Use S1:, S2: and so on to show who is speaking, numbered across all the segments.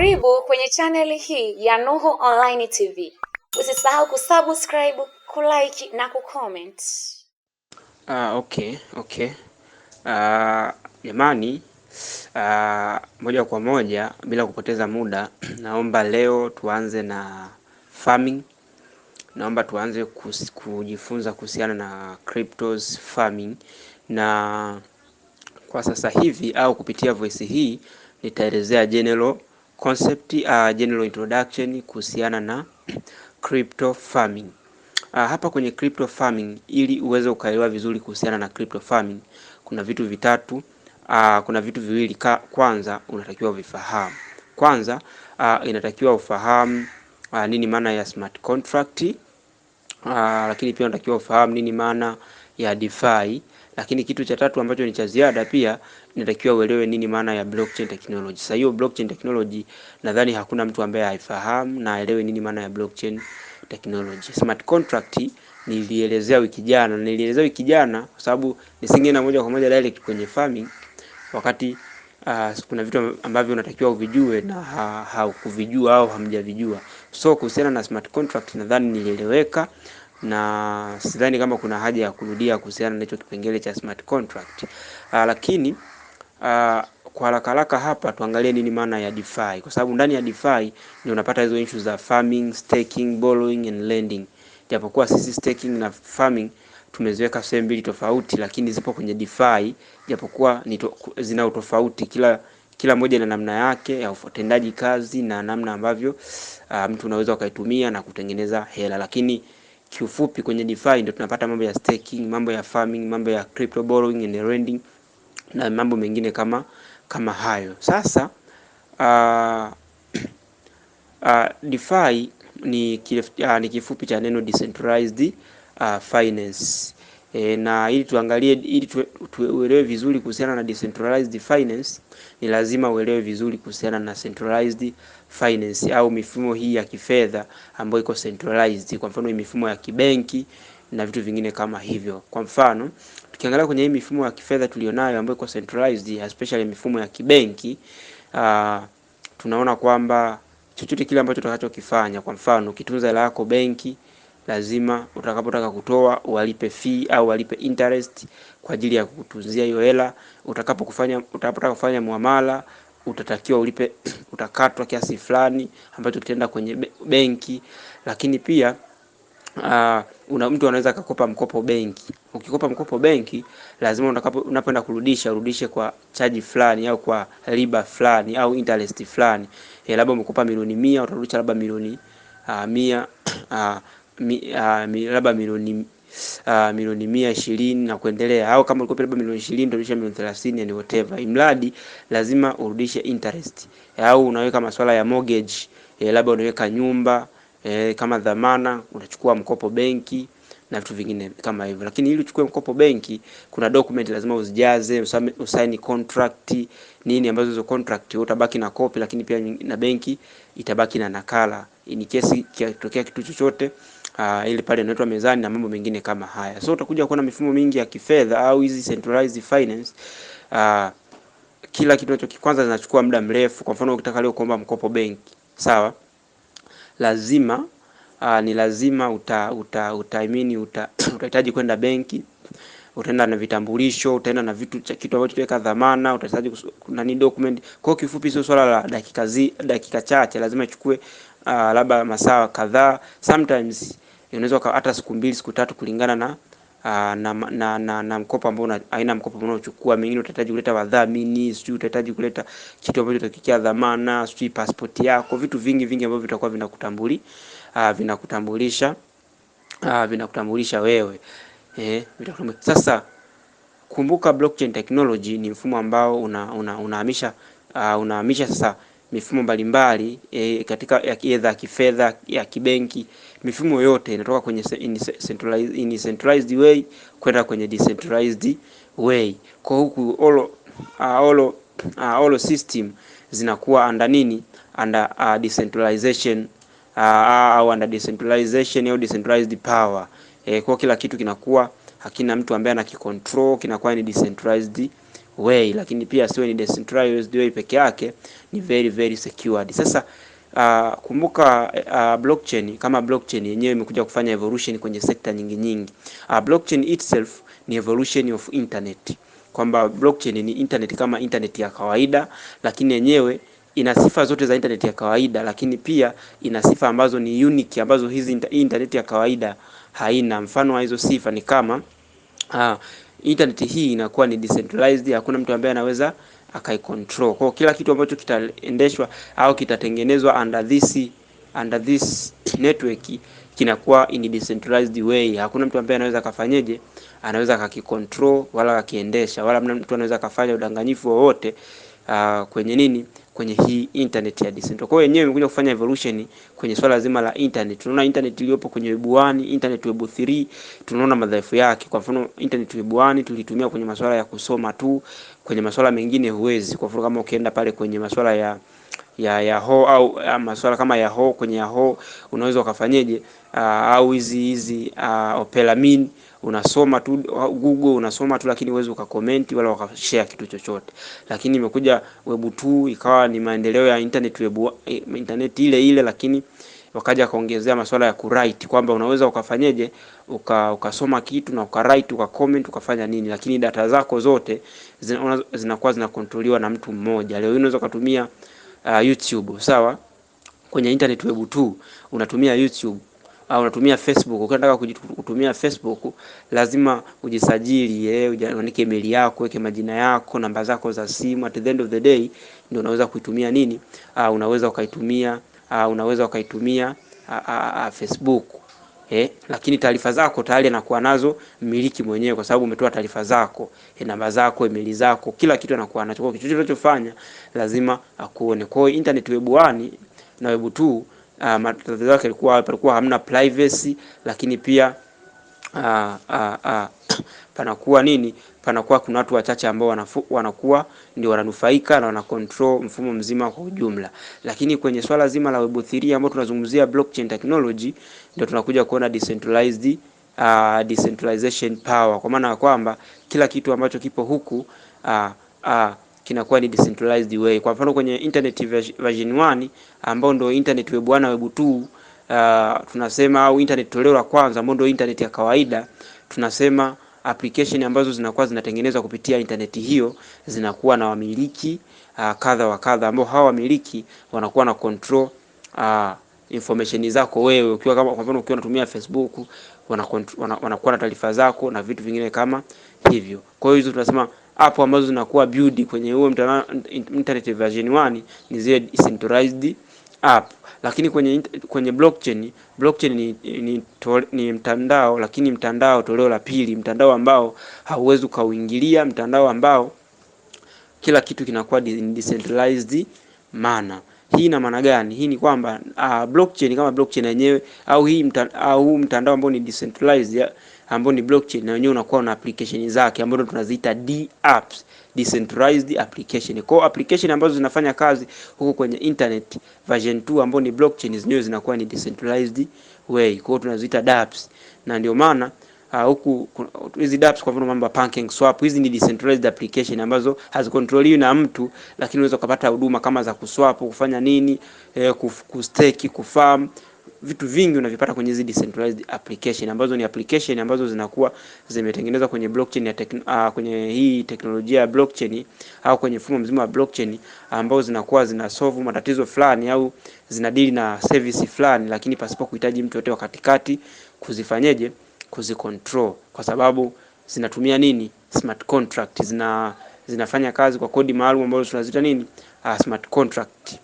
S1: Karibu kwenye chaneli hii ya Nuhu Online TV. Usisahau kusubscribe, kulike na kucomment. Ah, okay, okay. Ah, jamani, uh, moja kwa moja bila kupoteza muda naomba leo tuanze na farming. Naomba tuanze kus, kujifunza kuhusiana na cryptos farming na kwa sasa hivi au kupitia voice hii nitaelezea general concept uh, general introduction kuhusiana na crypto farming. Uh, hapa kwenye crypto farming ili uweze ukaelewa vizuri kuhusiana na crypto farming kuna vitu vitatu uh, kuna vitu viwili ka, kwanza unatakiwa vifahamu. Kwanza uh, inatakiwa ufahamu uh, nini maana ya smart contract uh, lakini pia unatakiwa ufahamu nini maana ya DeFi, lakini kitu cha tatu ambacho ni cha ziada pia inatakiwa uelewe nini maana ya blockchain technology. Sasa hiyo blockchain technology nadhani hakuna mtu ambaye haifahamu na aelewe nini maana ya blockchain technology. Smart contract nilielezea wiki jana, nilielezea wiki jana kwa sababu nisingeenda moja kwa moja direct kwenye farming wakati Uh, kuna vitu ambavyo unatakiwa uvijue na haukuvijua ha, au hamjavijua. So kuhusiana na smart contract nadhani nilieleweka na sidhani kama kuna haja ya kurudia kuhusiana na hicho kipengele cha smart contract. Uh, lakini uh, kwa haraka haraka hapa tuangalie nini maana ya DeFi, kwa sababu ndani ya DeFi ndio unapata hizo issues za farming, staking, borrowing and lending. Japokuwa sisi staking na farming tumeziweka sehemu mbili tofauti, lakini zipo kwenye DeFi, japokuwa ni zina utofauti kila kila moja na namna yake ya utendaji kazi na namna ambavyo uh, mtu unaweza ukaitumia na kutengeneza hela, lakini kiufupi kwenye DeFi ndio tunapata mambo ya staking, mambo ya farming, mambo ya crypto borrowing and lending na mambo mengine kama kama hayo. Sasa uh, uh, DeFi ni, kilef, uh, ah, ni kifupi cha neno decentralized uh, finance e, na ili tuangalie ili tuelewe vizuri kuhusiana na decentralized finance ni lazima uelewe vizuri kuhusiana na centralized finance au mifumo hii ya kifedha ambayo iko centralized. Kwa mfano mifumo ya kibenki na vitu vingine kama hivyo. Kwa mfano Tukiangalia kwenye hii mifumo ya kifedha tulionayo ambayo iko centralized, especially mifumo ya kibenki uh, tunaona kwamba chochote kile ambacho utakachokifanya, kwa mfano ukitunza hela yako benki, lazima utakapotaka kutoa walipe fee au walipe interest kwa ajili ya kukutunzia hiyo hela. Utakapokufanya, utakapotaka kufanya muamala utatakiwa ulipe, utakatwa kiasi fulani ambacho kitaenda kwenye benki, lakini pia uh, una mtu anaweza akakopa mkopo benki. Ukikopa mkopo benki, lazima unapoenda kurudisha urudishe kwa chaji fulani au kwa riba fulani au interest fulani. E, labda umekopa milioni mia utarudisha labda milioni ah, mia ah, ah, labda milioni uh, milioni mia ishirini na kuendelea, au kama ulikopa labda milioni ishirini utarudisha milioni thelathini yani whatever, imradi lazima urudishe interest. au unaweka masuala ya mortgage eh, labda unaweka nyumba e, kama dhamana unachukua mkopo benki na vitu vingine kama hivyo. Lakini ili uchukue mkopo benki, kuna document lazima uzijaze, usaini contract nini, ambazo hizo contract utabaki na copy, lakini pia na benki itabaki na nakala, in case kiatokea kitu chochote Uh, ili pale inaitwa mezani na mambo mengine kama haya. So utakuja kuona mifumo mingi ya kifedha au hizi centralized finance uh, kila kitu nacho kwanza zinachukua muda mrefu. Kwa mfano ukitaka leo kuomba mkopo benki, sawa lazima uh, ni lazima uta uta utaamini utahitaji uta kwenda benki, utaenda na vitambulisho, utaenda na vitu kitu ambacho tuweka dhamana, utahitaji ni document. Kwa kifupi, sio swala la dakika zi, dakika chache, lazima ichukue ah, labda masaa kadhaa, sometimes inaweza hata siku mbili siku tatu kulingana na Ah, na, na, na, na mkopo ambao una aina mkopo ambao unachukua mengine utahitaji kuleta wadhamini, sijui utahitaji kuleta kitu ambacho utakikia dhamana, sijui pasipoti yako, vitu vingi vingi ambavyo vitakuwa vinakutambuli uh, vinakutambulisha uh, vinakutambulisha wewe eh, vitakutambulisha. Sasa kumbuka, blockchain technology ni mfumo ambao unahamisha una, unahamisha sasa mifumo mbalimbali mbali, eh, katika ya kifedha ya kibenki ki mifumo yote inatoka kwenye centralized, in centralized way kwenda kwenye decentralized way. Kwa huku all, uh, all, uh, all system zinakuwa under nini under uh, decentralization au uh, under decentralization au decentralized power eh, kwa kila kitu kinakuwa hakina mtu ambaye anakicontrol, kinakuwa ni decentralized way, lakini pia siwe ni decentralized way peke yake, ni very very secured. Sasa Uh, kumbuka uh, blockchain kama blockchain yenyewe imekuja kufanya evolution kwenye sekta nyingi nyingi. Uh, blockchain itself ni evolution of internet, kwamba blockchain ni internet kama internet ya kawaida, lakini yenyewe ina sifa zote za internet ya kawaida, lakini pia ina sifa ambazo ni unique ambazo hizi internet ya kawaida haina. Mfano wa hizo sifa ni kama uh, internet hii inakuwa ni decentralized, hakuna mtu ambaye anaweza akaicontrol. Kwa kila kitu ambacho kitaendeshwa au kitatengenezwa under this under this network kinakuwa in decentralized way. Hakuna mtu ambaye anaweza kafanyeje, anaweza kakicontrol wala akiendesha wala mtu anaweza kafanya udanganyifu wowote uh, kwenye nini kwenye hii internet ya Decentral. Kwa hiyo wenyewe wamekuja kufanya evolution kwenye swala zima la internet. Tunaona internet iliyopo kwenye web 1, internet web 3, tunaona madhaifu yake. Kwa mfano internet web 1 tulitumia kwenye masuala ya kusoma tu, kwenye masuala mengine huwezi. Kwa mfano kama ukienda pale kwenye masuala ya ya Yahoo au ah, masuala kama Yahoo. Kwenye Yahoo unaweza ukafanyeje, ah, au hizi hizi ah, Opera Mini unasoma tu Google unasoma tu, lakini uweze ukacomment wala ukashare kitu chochote. Lakini imekuja web 2 ikawa ni maendeleo ya internet, web eh, internet ile ile, lakini wakaja kaongezea masuala ya kuwrite kwamba unaweza ukafanyeje uka, ukasoma kitu na ukawrite ukacomment ukafanya nini, lakini data zako zote zinakuwa zinakontroliwa na mtu mmoja. Leo hii unaweza ukatumia uh, YouTube sawa, kwenye internet web tu unatumia YouTube au unatumia Facebook. Ukitaka kutumia Facebook lazima ujisajili, eh, uandike email yako, weke majina yako, namba zako za simu. At the end of the day ndio unaweza kuitumia nini, uh, unaweza ukaitumia uh, unaweza ukaitumia uh, uh, uh, Facebook eh, lakini taarifa zako tayari anakuwa nazo mmiliki mwenyewe, kwa sababu umetoa taarifa zako eh, namba zako, emeli zako, kila kitu anakuwa nacho. Kwa kitu unachofanya lazima akuone. Kwa hiyo internet web 1 na web 2 uh, ah, matatizo yake yalikuwa palikuwa hamna privacy, lakini pia aa, ah, aa, ah, aa, ah. panakuwa nini, panakuwa kuna watu wachache ambao wanakuwa ndio wananufaika na wana control mfumo mzima kwa ujumla. Lakini kwenye swala zima la Web 3 ambao tunazungumzia blockchain technology, ndio tunakuja kuona decentralized uh, decentralization power, kwa maana ya kwamba kila kitu ambacho kipo huku uh, uh, kinakuwa ni decentralized way. Kwa mfano kwenye internet version 1 ambao ndio internet web 1 na web 2 uh, tunasema au internet toleo la kwanza ambayo ndio internet ya kawaida, tunasema application ambazo zinakuwa zinatengenezwa kupitia internet hiyo zinakuwa na wamiliki uh, kadha wa kadha, ambao hawa wamiliki wanakuwa na control uh, information zako wewe, ukiwa kama kwa mfano ukiwa unatumia Facebook wanakuwa wana, wana na taarifa zako na vitu vingine kama hivyo. Kwa hiyo hizo tunasema hapo ambazo zinakuwa build kwenye huo internet version 1 ni zile decentralized app lakini kwenye kwenye blockchain blockchain ni, ni, tole, ni mtandao lakini mtandao toleo la pili, mtandao ambao hauwezi ukauingilia, mtandao ambao kila kitu kinakuwa decentralized mana Hii ina maana gani? Hii ni kwamba uh, blockchain kama blockchain yenyewe au hii mta, au mtandao ambao ni decentralized ambao ni blockchain na wenyewe unakuwa na application zake ambazo tunaziita d apps decentralized application. Kwa application ambazo zinafanya kazi huko kwenye internet version 2 ambayo ni blockchain zenyewe zinakuwa ni decentralized way. Kwa hiyo tunaziita dApps. Na ndio maana uh, huku hizi dApps kwa mfano mambo ya Swap hizi ni decentralized application ambazo hazikontroliwi na mtu, lakini unaweza kupata huduma kama za kuswap, kufanya nini, eh, kustake, kufarm vitu vingi unavipata kwenye hizi decentralized application ambazo ni application ambazo zinakuwa zimetengenezwa kwenye blockchain ya tekn- uh, ah, kwenye hii teknolojia ya blockchain au kwenye mfumo mzima wa blockchain ambao zinakuwa zinasolve matatizo fulani au zinadili na service fulani, lakini pasipo kuhitaji mtu yote wa katikati kuzifanyeje, kuzicontrol kwa sababu zinatumia nini, smart contract, zina zinafanya kazi kwa kodi maalum ambazo tunazita nini, uh, smart contract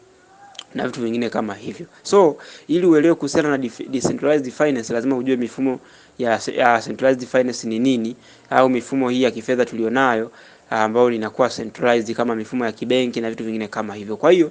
S1: na vitu vingine kama hivyo. So ili uelewe kuhusiana na decentralized finance lazima ujue mifumo ya, ya centralized finance ni nini au mifumo hii ya kifedha tulionayo ambayo inakuwa centralized kama mifumo ya kibenki na vitu vingine kama hivyo. Kwa hiyo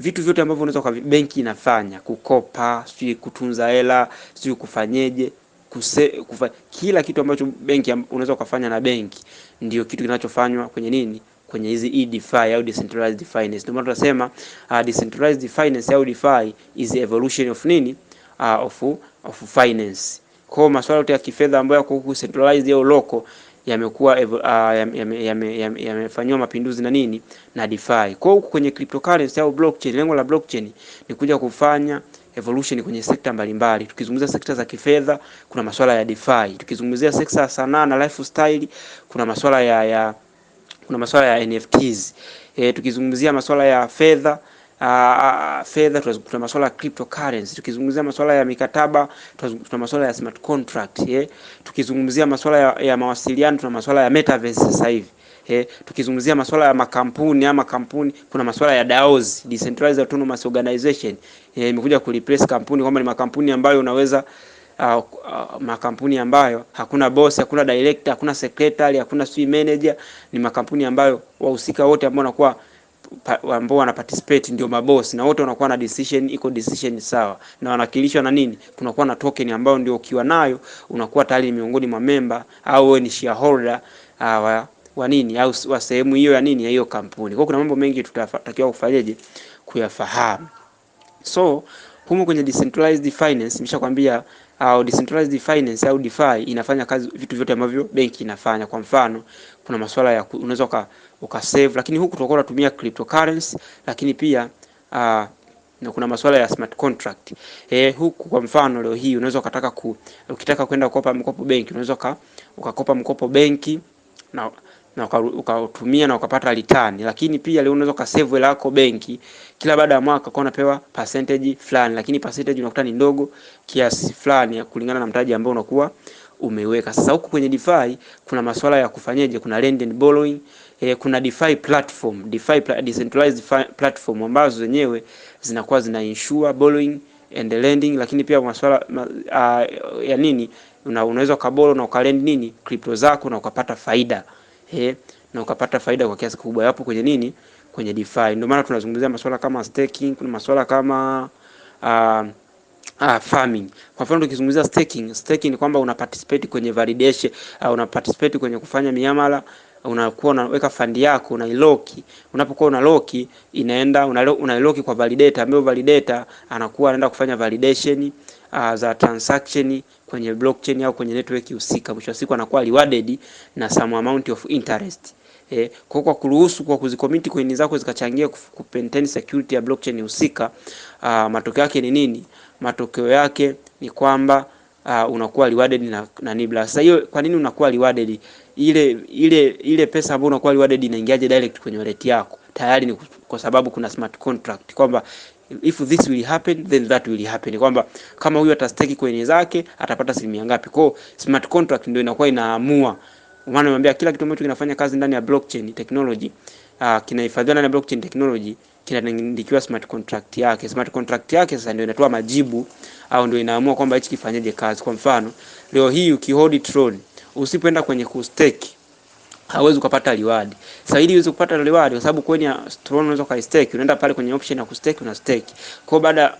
S1: vitu vyote ambavyo unaweza kwa benki inafanya kukopa, sijui kutunza hela, sijui kufanyeje kuse, kufa, kila kitu ambacho benki unaweza ukafanya na benki ndio kitu kinachofanywa kwenye nini kwenye hizi e-DeFi au decentralized finance. Ndio maana tunasema uh, decentralized finance au DeFi is the evolution of nini uh, of, of finance. Kwa masuala yote ya kifedha ambayo yako huku centralized au local yamekuwa uh, yamefanywa yame, yame, yame mapinduzi na nini na DeFi. Kwa huku kwenye cryptocurrency au blockchain, lengo la blockchain ni kuja kufanya evolution kwenye sekta mbalimbali. Tukizungumzia sekta za kifedha, kuna masuala ya DeFi. Tukizungumzia sekta ya sanaa na lifestyle, kuna masuala ya, ya kuna masuala ya NFTs. E, tukizungumzia masuala ya fedha Uh, fedha tuna masuala ya cryptocurrency. Tukizungumzia masuala ya mikataba tuna masuala ya smart contract yeah. Tukizungumzia masuala ya, ya mawasiliano tuna masuala ya metaverse sasa hivi yeah. Tukizungumzia masuala ya makampuni ama kampuni kuna masuala ya DAOs, decentralized autonomous organization e, imekuja ku replace kampuni kwamba ni makampuni ambayo unaweza uh, uh, makampuni ambayo hakuna boss, hakuna director, hakuna secretary, hakuna sui manager. Ni makampuni ambayo wahusika wote ambao wanakuwa ambao wana participate ndio maboss, na wote wanakuwa na decision, iko decision sawa, na wanakilishwa na nini? Kunakuwa na token ambayo ndio ukiwa nayo unakuwa tayari miongoni mwa member au wewe ni shareholder uh, wa, wa nini au wa sehemu hiyo ya nini ya hiyo kampuni. Kwa kuna mambo mengi tutatakiwa kufanyaje kuyafahamu. So humo kwenye decentralized finance nimeshakwambia au decentralized finance au DeFi inafanya kazi vitu vyote ambavyo benki inafanya. Kwa mfano, kuna masuala ya unaweza uka, uka save, lakini huku tutakuwa tunatumia cryptocurrency, lakini pia uh, na kuna masuala ya smart contract. Eh, huku kwa mfano leo hii unaweza ukataka ku, ukitaka kwenda kukopa mkopo benki unaweza ukakopa mkopo benki na na ukatumia na ukapata return, lakini pia leo unaweza ukasave hela yako benki, kila baada ya mwaka kwa unapewa percentage fulani, lakini percentage unakuta ni ndogo kiasi fulani kulingana na mtaji ambao unakuwa umeweka. Sasa huku kwenye DeFi kuna masuala ya kufanyaje, kuna lend and borrowing eh, kuna DeFi platform, DeFi pla decentralized platform ambazo zenyewe zinakuwa zina insure borrowing and lending, lakini pia masuala ma, uh, ya nini, unaweza ukaboro na ukalend nini crypto zako na ukapata faida he, na ukapata faida kwa kiasi kikubwa, yapo kwenye nini, kwenye DeFi. Ndio maana tunazungumzia masuala kama staking, kuna masuala kama uh, uh, farming. Kwa mfano tukizungumzia staking, staking ni kwamba una participate kwenye validation, uh, una participate kwenye kufanya miamala, unakuwa unaweka fundi yako una iloki. Unapokuwa una loki inaenda una, una iloki kwa validator, ambaye validator anakuwa anaenda kufanya validation uh, za transaction kwenye blockchain au kwenye network husika. Mwisho wa siku anakuwa rewarded na some amount of interest. Eh, kwa kwa kuruhusu kwa kuzikomiti coin zako zikachangia ku maintain security ya blockchain husika, uh, matokeo yake ni nini? Matokeo yake ni kwamba uh, unakuwa rewarded na, na Nibla. Sasa hiyo kwa nini unakuwa rewarded? Ile ile ile pesa ambayo unakuwa rewarded inaingiaje direct kwenye wallet yako? Tayari ni kwa sababu kuna smart contract kwamba if this will happen then that will happen, kwamba kama huyu atasteki kwenye zake atapata asilimia ngapi. kwao smart contract ndio inakuwa inaamua, maana nimwambia kila kitu ambacho kinafanya kazi ndani ya blockchain technology uh, kinahifadhiwa ndani ya blockchain technology kinaandikiwa smart contract yake. Smart contract yake sasa ndio inatoa majibu au ndio inaamua kwamba hichi kifanyaje kazi. Kwa mfano leo hii ukihold Tron usipoenda kwenye kustake hauwezi kupata reward. Sasa ili uweze kupata reward kwa sababu kwenye ya unaweza ka stake, unaenda pale kwenye option ya kustake una stake. Kwa baada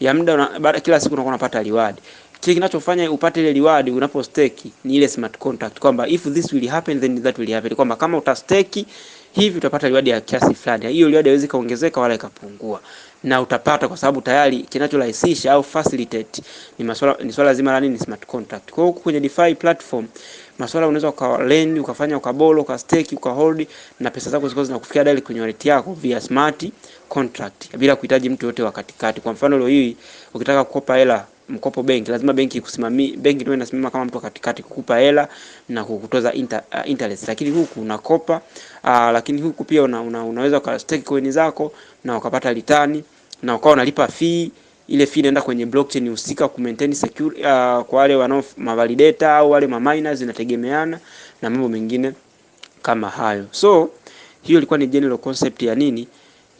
S1: ya muda baada kila siku unakuwa unapata reward. Kile kinachofanya upate ile reward unapo stake ni ile smart contract kwamba if this will happen then that will happen. Kwamba kama uta stake hivi utapata reward ya kiasi fulani. Hiyo reward haiwezi kaongezeka wala ikapungua. Na utapata kwa sababu tayari kinachorahisisha au facilitate ni masuala ni swala zima la nini smart contract. Kwa hiyo kwenye DeFi platform Masuala unaweza ukalend ukafanya ukabolo ukastake ukahold na pesa zako zikazo zinakufikia direct kwenye wallet yako via smart contract bila kuhitaji mtu yote wa katikati. Kwa mfano leo hii ukitaka kukopa hela mkopo benki, lazima benki ikusimamie. Benki ndio inasimama kama mtu katikati kukupa hela na kukutoza inter, uh, interest, lakini huku unakopa uh, lakini huku pia una, una, unaweza ukastake coin zako na ukapata return na ukawa unalipa fee ile fee inaenda kwenye blockchain husika ku maintain secure, uh, kwa wale wanao mavalidator au wale ma miners inategemeana na mambo mengine kama hayo. So hiyo ilikuwa ni general concept ya nini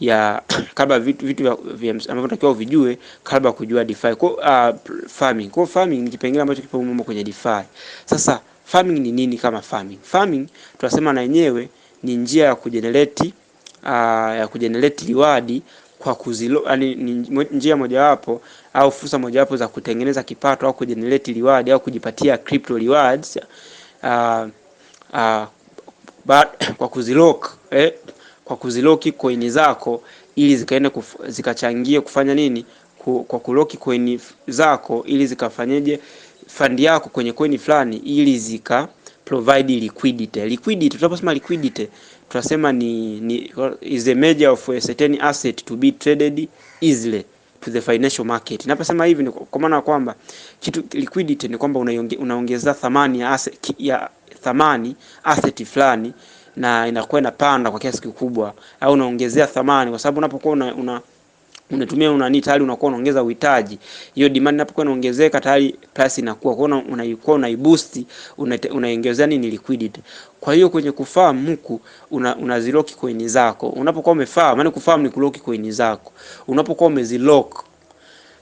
S1: ya kabla vitu, vitu ambavyo unatakiwa uvijue kabla kujua DeFi kwa uh, farming. Kwa farming ni kipengele ambacho kipo mmoja kwenye DeFi. Sasa farming ni nini kama farming? Farming tunasema na yenyewe ni njia ya kujenerate uh, ya kujenerate liwadi kwa kuzilo, yani ni njia mojawapo au fursa mojawapo za kutengeneza kipato au kujenerate reward au kujipatia crypto rewards uh, uh, but, kwa kuzilock eh, kwa kuziloki coin zako ili zikaende kuf, zikachangie kufanya nini ku, kwa kuloki coin zako ili zikafanyeje fund yako kwenye coin fulani ili zika provide liquidity. Liquidity, tunaposema liquidity tunasema ni, ni is a major of a certain asset to be traded easily to the financial market. Naposema hivi ni kwa maana kwamba kitu liquidity ni kwamba unaongeza thamani ya asset, ya thamani asset fulani na inakuwa inapanda kwa kiasi kikubwa, au unaongezea thamani kwa sababu unapokuwa una, una unatumia unani tayari unakuwa unaongeza uhitaji. Hiyo demand inapokuwa inaongezeka tayari price inakuwa, kwa hiyo unaikuwa boost unaongezea nini liquidity. Kwa hiyo kwenye kufarm huku una, unazilock coin zako. Unapokuwa umefarm, maana kufarm ni kulock coin zako. Unapokuwa umezilock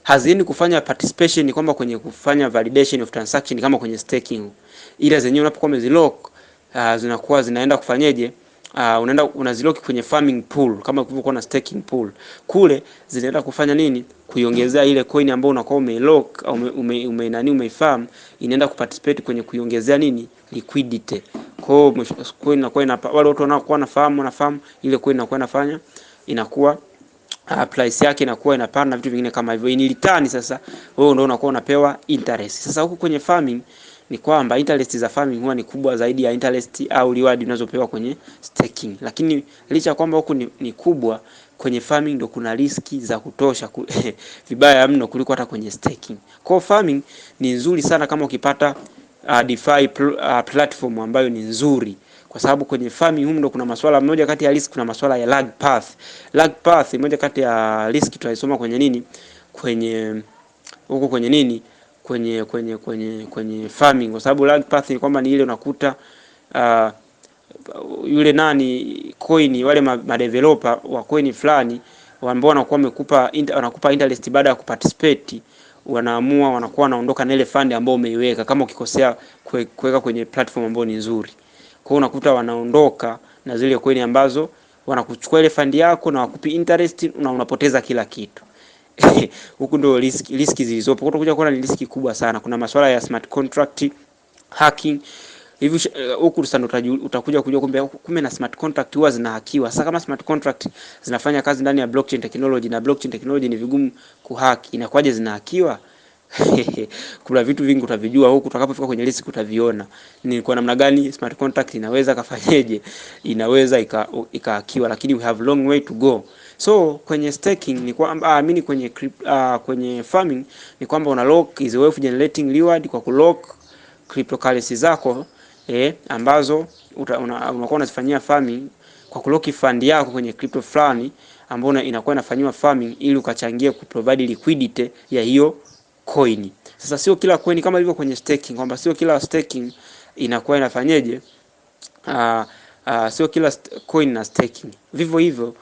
S1: haziendi kufanya participation kwamba kwenye kufanya validation of transaction kama kwenye staking, ila zenyewe unapokuwa umezilock uh, ah, zinakuwa zinaenda kufanyeje uh, unaenda unaziloki kwenye farming pool kama ulivyokuwa na staking pool, kule zinaenda kufanya nini? Kuiongezea ile coin ambayo unakuwa umelock au ume, ume, ume nani umeifarm, inaenda kuparticipate kwenye kuiongezea nini liquidity. Kwa hiyo coin inakuwa ina wale watu wanaokuwa na farm na farm ile coin inakuwa inafanya inakuwa Uh, price yake inakuwa inapanda na vitu vingine kama hivyo, ni return. Sasa wewe ndio unakuwa unapewa interest. Sasa huku kwenye farming ni kwamba interest za farming huwa ni kubwa zaidi ya interest au reward unazopewa kwenye staking. Lakini licha ya kwamba huku ni, ni kubwa kwenye farming ndo kuna riski za kutosha ku, vibaya mno kuliko hata kwenye staking. Kwa farming ni nzuri sana kama ukipata uh, DeFi pl uh, platform ambayo ni nzuri kwa sababu kwenye farming humu ndo kuna masuala moja kati ya risk kuna masuala ya lag path. Lag path moja kati ya risk tunaisoma kwenye nini? Kwenye huko kwenye nini? kwenye kwenye kwenye kwenye farming, kwa sababu lag path ni kwamba ni ile unakuta uh, yule nani coin wale madeveloper wa coin fulani ambao wanakuwa wamekupa wanakupa interest baada ya kuparticipate, wanaamua wanakuwa wanaondoka na ile fund ambayo umeiweka, kama ukikosea kuweka kwenye platform ambayo ni nzuri. Kwa hiyo unakuta wanaondoka na zile coin ambazo wanakuchukua ile fund yako na wakupi interest na unapoteza kila kitu. huku ndo riski, riski zilizopo. Kutokuja kuona ni riski kubwa sana. Kuna masuala ya smart contract, hacking hivi uh, huku uh, sana utakuja kujua kumbe kumbe na smart contract huwa zinahakiwa. Sasa kama smart contract zinafanya kazi ndani ya blockchain technology na blockchain technology ni vigumu kuhack, inakuwaje zinahakiwa? Kuna vitu vingi utavijua huku utakapofika kwenye risk utaviona. Ni kwa namna gani smart contract inaweza kafanyeje? Inaweza ikahakiwa ika, lakini we have long way to go. So kwenye staking ni kwamba amini, ah, kwenye crypt, uh, ah, kwenye farming ni kwamba una lock is wealth generating reward kwa kulock cryptocurrency zako eh, ambazo unakuwa una unazifanyia farming kwa kulock fund yako kwenye crypto fulani ambayo inakuwa inafanywa farming ili ukachangie kuprovide liquidity ya hiyo coin. Sasa sio kila coin kama ilivyo kwenye staking, kwamba sio kila staking inakuwa inafanyeje uh, uh, sio kila coin na staking. Vivyo hivyo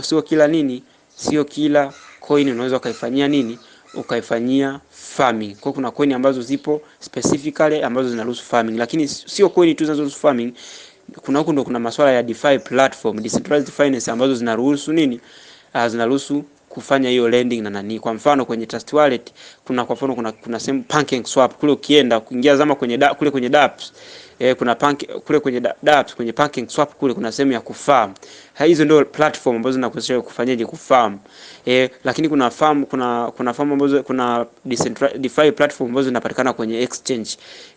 S1: sio kila nini, sio kila coin unaweza ukaifanyia nini, ukaifanyia farming. Kwa kuna coin ambazo zipo specifically ambazo zinaruhusu farming, lakini sio coin tu zinazoruhusu farming. Kuna huko ndo kuna masuala ya DeFi platform, decentralized finance ambazo zinaruhusu nini, uh, zinaruhusu kufanya hiyo lending na nani. Kwa mfano kwenye Trust Wallet kuna kwa mfano kuna kuna sehemu swap kule, ukienda kuingia zama kwenye da, kule kwenye dApps eh, kuna punk, kule kwenye DART kwenye banking swap kule kuna sehemu ya kufarm. Hizo ndio platform ambazo zinakuwezesha kufanyaje kufarm. Eh, lakini kuna farm kuna kuna farm ambazo kuna decentralized DeFi platform ambazo zinapatikana kwenye exchange.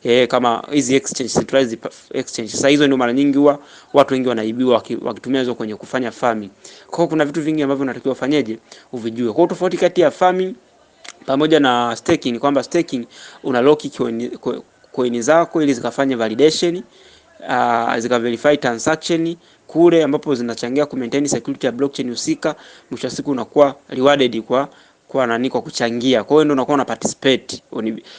S1: Eh, kama hizi exchange centralized exchange. Sasa hizo ndio mara nyingi huwa watu wengi wanaibiwa wakitumia hizo kwenye kufanya farming. Kwa kuna vitu vingi ambavyo unatakiwa ufanyeje uvijue. Kwa tofauti kati ya farming pamoja na staking kwamba staking una lock coin zako ili zikafanye validation uh, ah, zika verify transaction kule ambapo zinachangia ku maintain security ya blockchain husika. Mwisho wa siku unakuwa rewarded kwa kwa nani? Kwa kuchangia. Kwa hiyo ndio unakuwa una participate,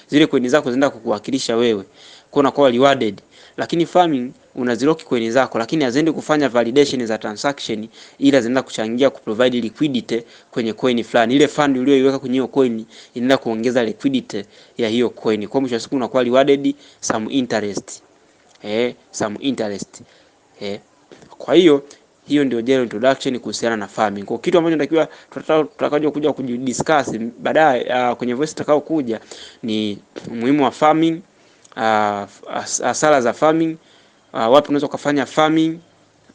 S1: zile coin zako zinaenda kukuwakilisha wewe, kwa unakuwa rewarded. Lakini farming unaziloki coin zako, lakini haziendi kufanya validation za transaction, ila zinaenda kuchangia kuprovide liquidity kwenye coin fulani. Ile fund uliyoiweka kwenye hiyo coin inaenda kuongeza liquidity ya hiyo coin, kwa mwisho wa siku unakuwa rewarded some interest eh, some interest eh. Kwa hiyo hiyo ndio general introduction kuhusiana na farming. Kwa kitu ambacho natakiwa tutakaje kuja kujidiscuss baadaye uh, kwenye voice tutakao kuja ni umuhimu wa farming, uh, asala za farming uh, wapi unaweza kufanya farming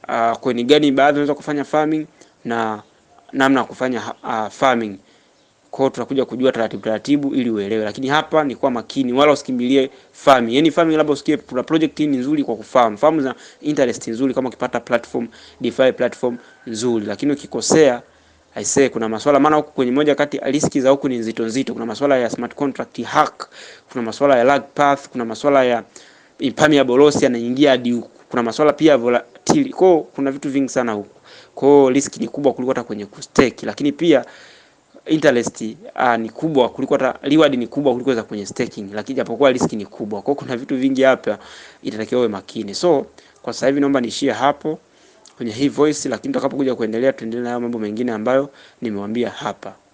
S1: uh, kwenye gani baadhi unaweza kufanya farming na namna ya kufanya uh, farming. Kwa tutakuja kujua taratibu taratibu ili uelewe, lakini hapa ni kwa makini, wala usikimbilie farm. Yani farm labda usikie kuna project ni nzuri kwa kufarm farm za interest nzuri, kama ukipata platform DeFi platform nzuri, lakini ukikosea i say kuna masuala maana huko kwenye moja kati riski za huko ni nzito nzito. Kuna masuala ya smart contract hack, kuna masuala ya lag path, kuna masuala ya permeability anaingia hadi kuna masuala pia volatili. Kwa kuna vitu vingi sana huko. Kwa hiyo risk ni kubwa kuliko hata kwenye kustake, lakini pia interest uh, ni kubwa kuliko hata reward ni kubwa kuliko za kwenye staking, lakini japokuwa risk ni kubwa. Kwa kuna vitu vingi hapa itatakiwa uwe makini. So kwa sasa hivi naomba niishie hapo kwenye hii voice, lakini tutakapokuja kuendelea tuendelee na mambo mengine ambayo nimewambia hapa.